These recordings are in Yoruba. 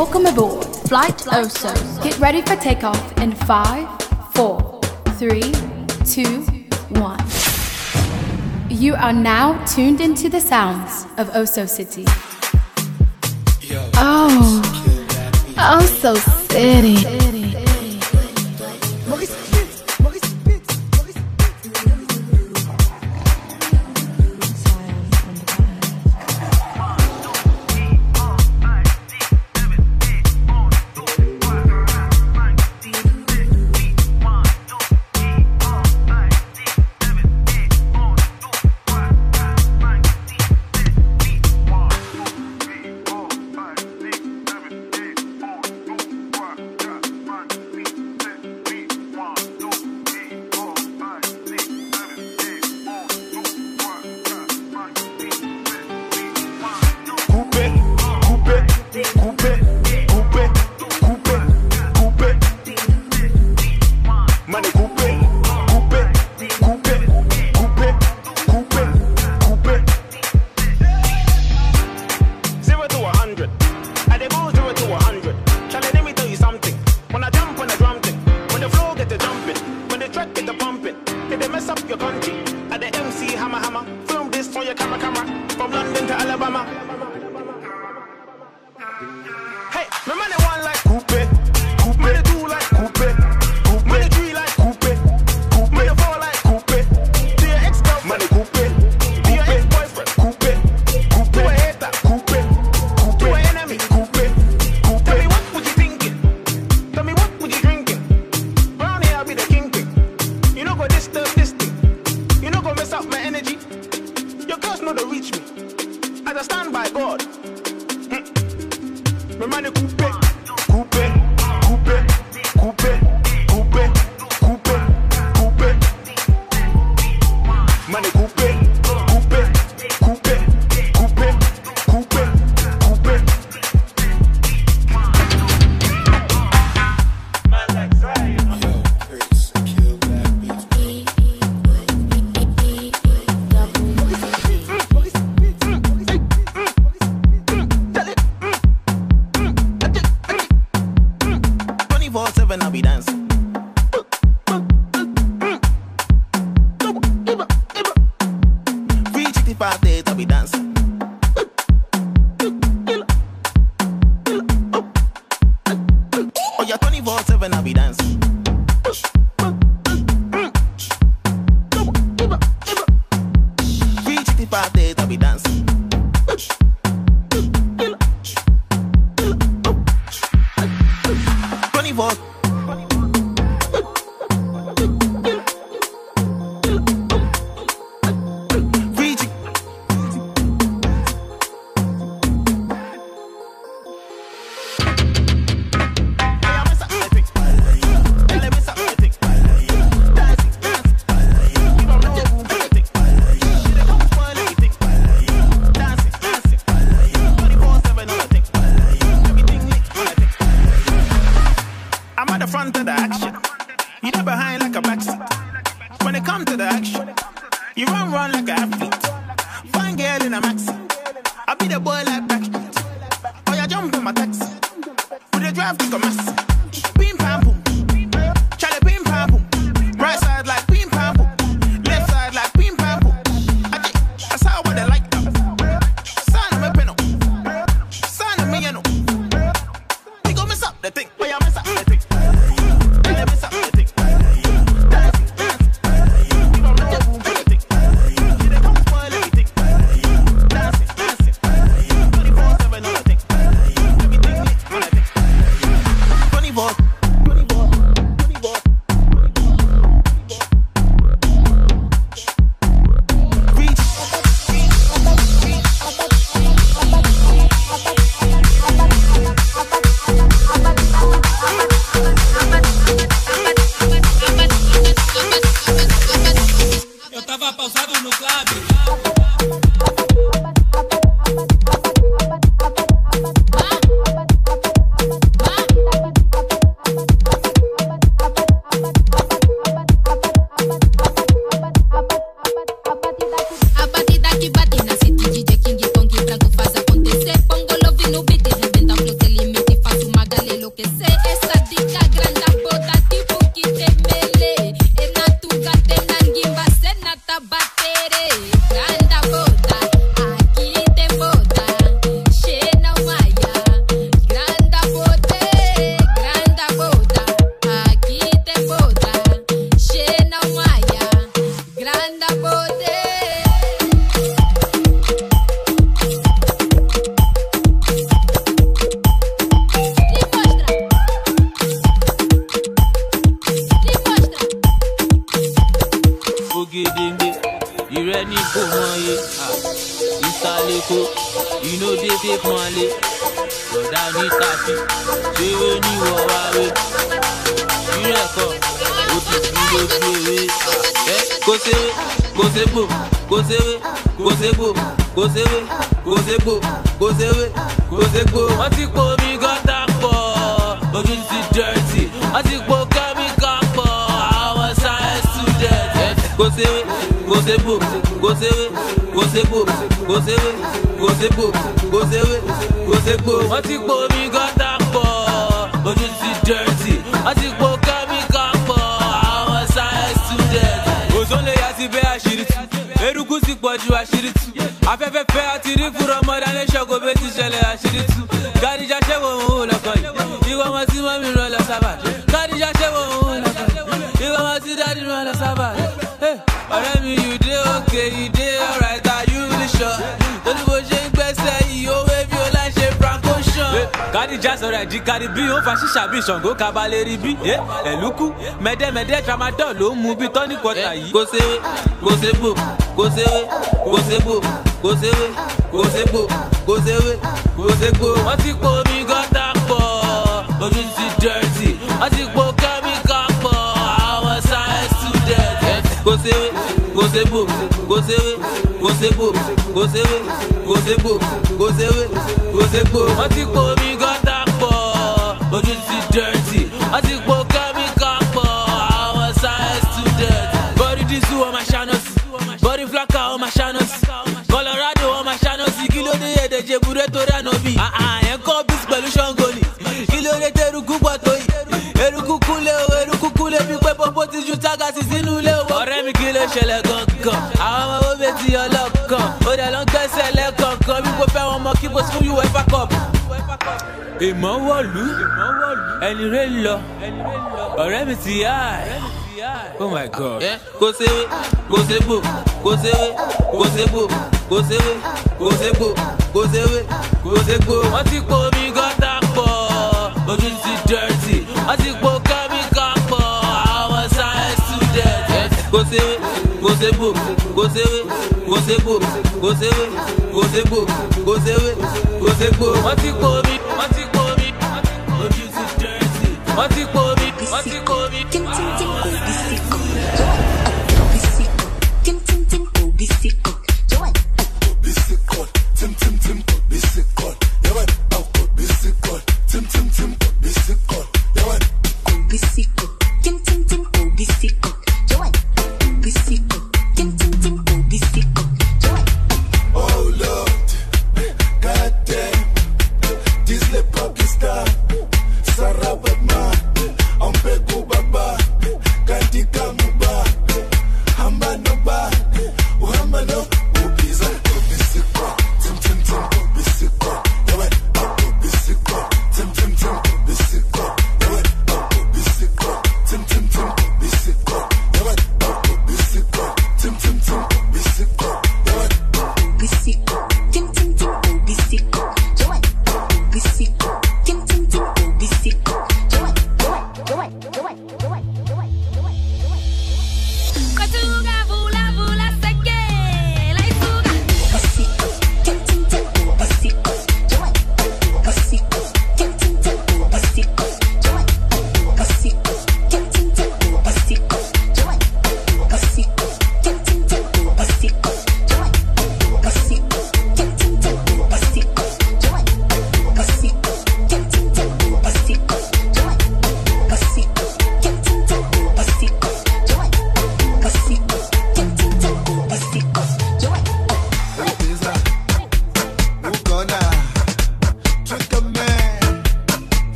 Welcome aboard Flight Oso. Get ready for takeoff in 5, 4, 3, 2, 1. You are now tuned into the sounds of Oso City. Oh, Oso City. party, that we dance. pausado no club ewé ní ìwọ wá wé ìrẹ̀ kọ o ti fi lójú ewé ẹ kó sewé kó segbò kó sewé kó segbò kó sewé kó segbò kó sewé kó segbò. wọ́n ti po omi gọ́tà pọ̀ ojú ti dẹ́rẹ́tì wọ́n ti po kẹ́míkà pọ̀ àwọn sáyẹ́nsì student. kó sewé kó segbò kó sewé kó segbò kó sewé kó segbò kó sewé kó segbò. wọ́n ti po omi gọ́tà pọ̀. ojú ti dẹ́rẹ́tì wọ́n ti po kẹ́míkà pọ̀ àwọn sáyẹ́nsì students. òzónlé ya ti bẹ́ àṣírí tù eruku ti pọ̀ ju àṣírí tù afẹ́fẹ́ fẹ́ àti rí kúrọ̀ mọ́dánlẹ́sọ̀ kò bẹ́ ìjà sọ̀rọ̀ ẹ̀dí kárí bí ó fa ṣíṣà bí ṣàngó kabalẹ̀ rí bí ẹ̀lúkú mẹ́dẹ́mẹ́dẹ́ tramadol ló ń mu bí tonic water yìí. kò ṣe kò ṣe bò kò ṣe kò ṣe bò kò ṣe kò ṣe bò kò ṣe kò ṣe bò. wọ́n ti po omi gọ́tà pọ̀ ojú ti dẹ́rẹ́tì wọ́n ti po kẹ́míkà pọ̀ àwọn sáyẹ́nsì student. kò ṣe kò ṣe bò kò ṣe kò ṣe bò kò ṣe kò ṣe bò kò ṣe kò ṣe wọ́n ti po omi ojú ti dẹ́rẹ́tì wọ́n ti po kẹ́míkà pọ̀ àwọn science students. body disu wọ́n máa ṣànọ́sì body flaka wọ́n máa ṣànọ́sì Colorado wọ́n máa ṣànọ́sì kí ló dé èdè jebure torí ànábì. àyẹ̀ ń kọ́ bis pẹ̀lú Ṣàngó ni kí ló dé tẹ́rùkú pọ̀ tó yìí eruku kúnlẹ̀ o eruku kúnlẹ̀ bíi pé popo ti ju tágàsì sínú ilé o. ọ̀rẹ́ mi kí ló ṣẹlẹ̀ gangan àwọn ọmọ bóbá ti ọlọ́kan ó dẹ̀ ló ń kẹ́sẹ̀ lẹ́kọ̀ọ̀kan bí kò fẹ́ wọn mọ kí kò sún uefa cup ìmọ̀ wọ̀lú ẹni rẹ̀ lọ ọ̀rẹ́ mi ti yá ẹ̀ oh my god. kò séwé kò ségbò kò séwé kò ségbò kò séwé kò ségbò kò séwé kò ségbò. wọ́n ti po omi gọ́tà pọ̀ ojú ti dẹ́rẹ́tì wọ́n ti po kẹ́míkà pọ̀ àwọn science student. kò séwé kò ségbò kò séwé kò ségbò kò séwé kò ségbò kò séwé kò ségbò. wọ́n ti po omi. wọ́n ti kó mi dùn sí i.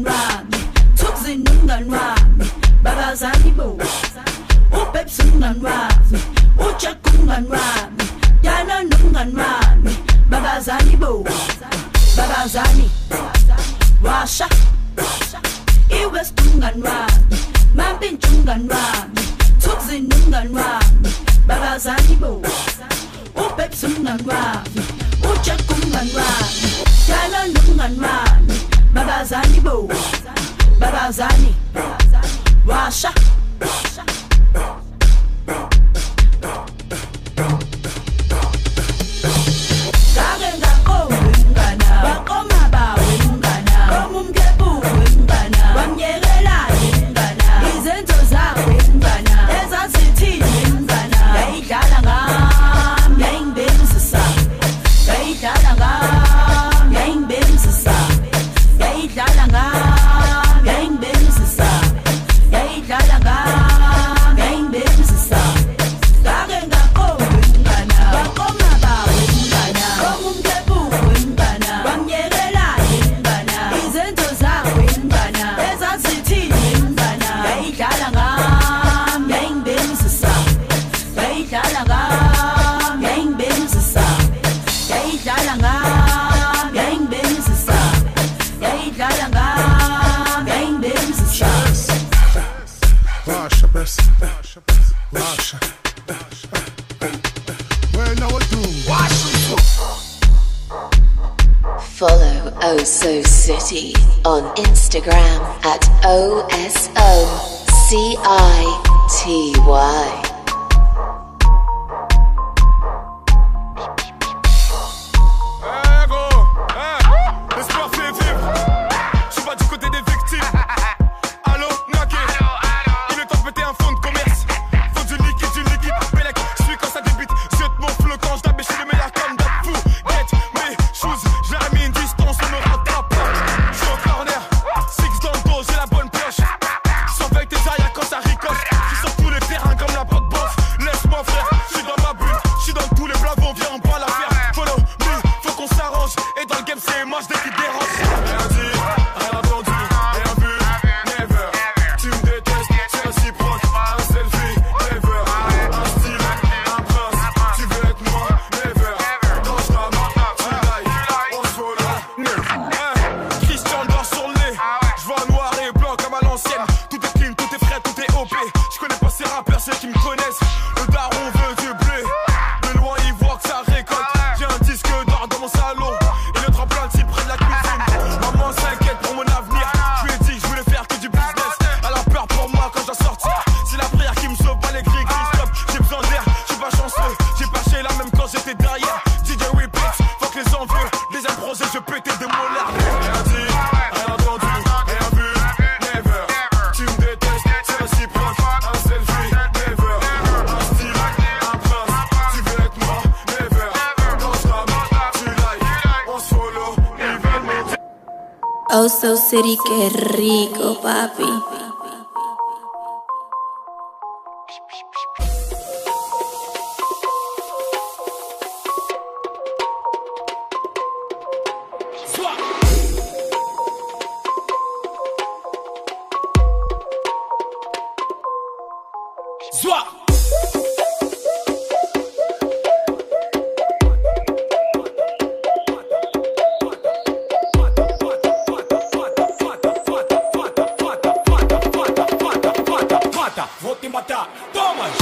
run, City on Instagram at O S O C I T Y. Oh, so city, qué rico, papi. vou te matar. Toma!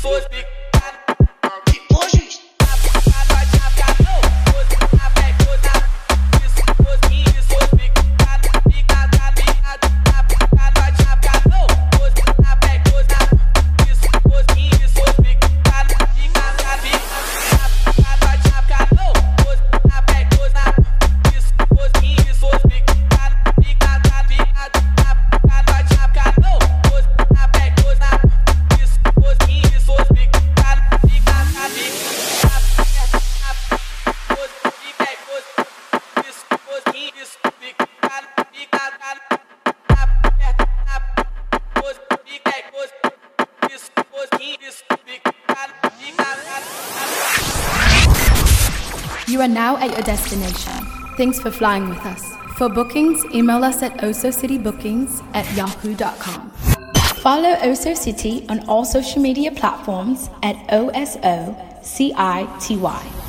foot. You are now at your destination. Thanks for flying with us. For bookings, email us at osocitybookings at yahoo.com. Follow Oso City on all social media platforms at O S O C I T Y.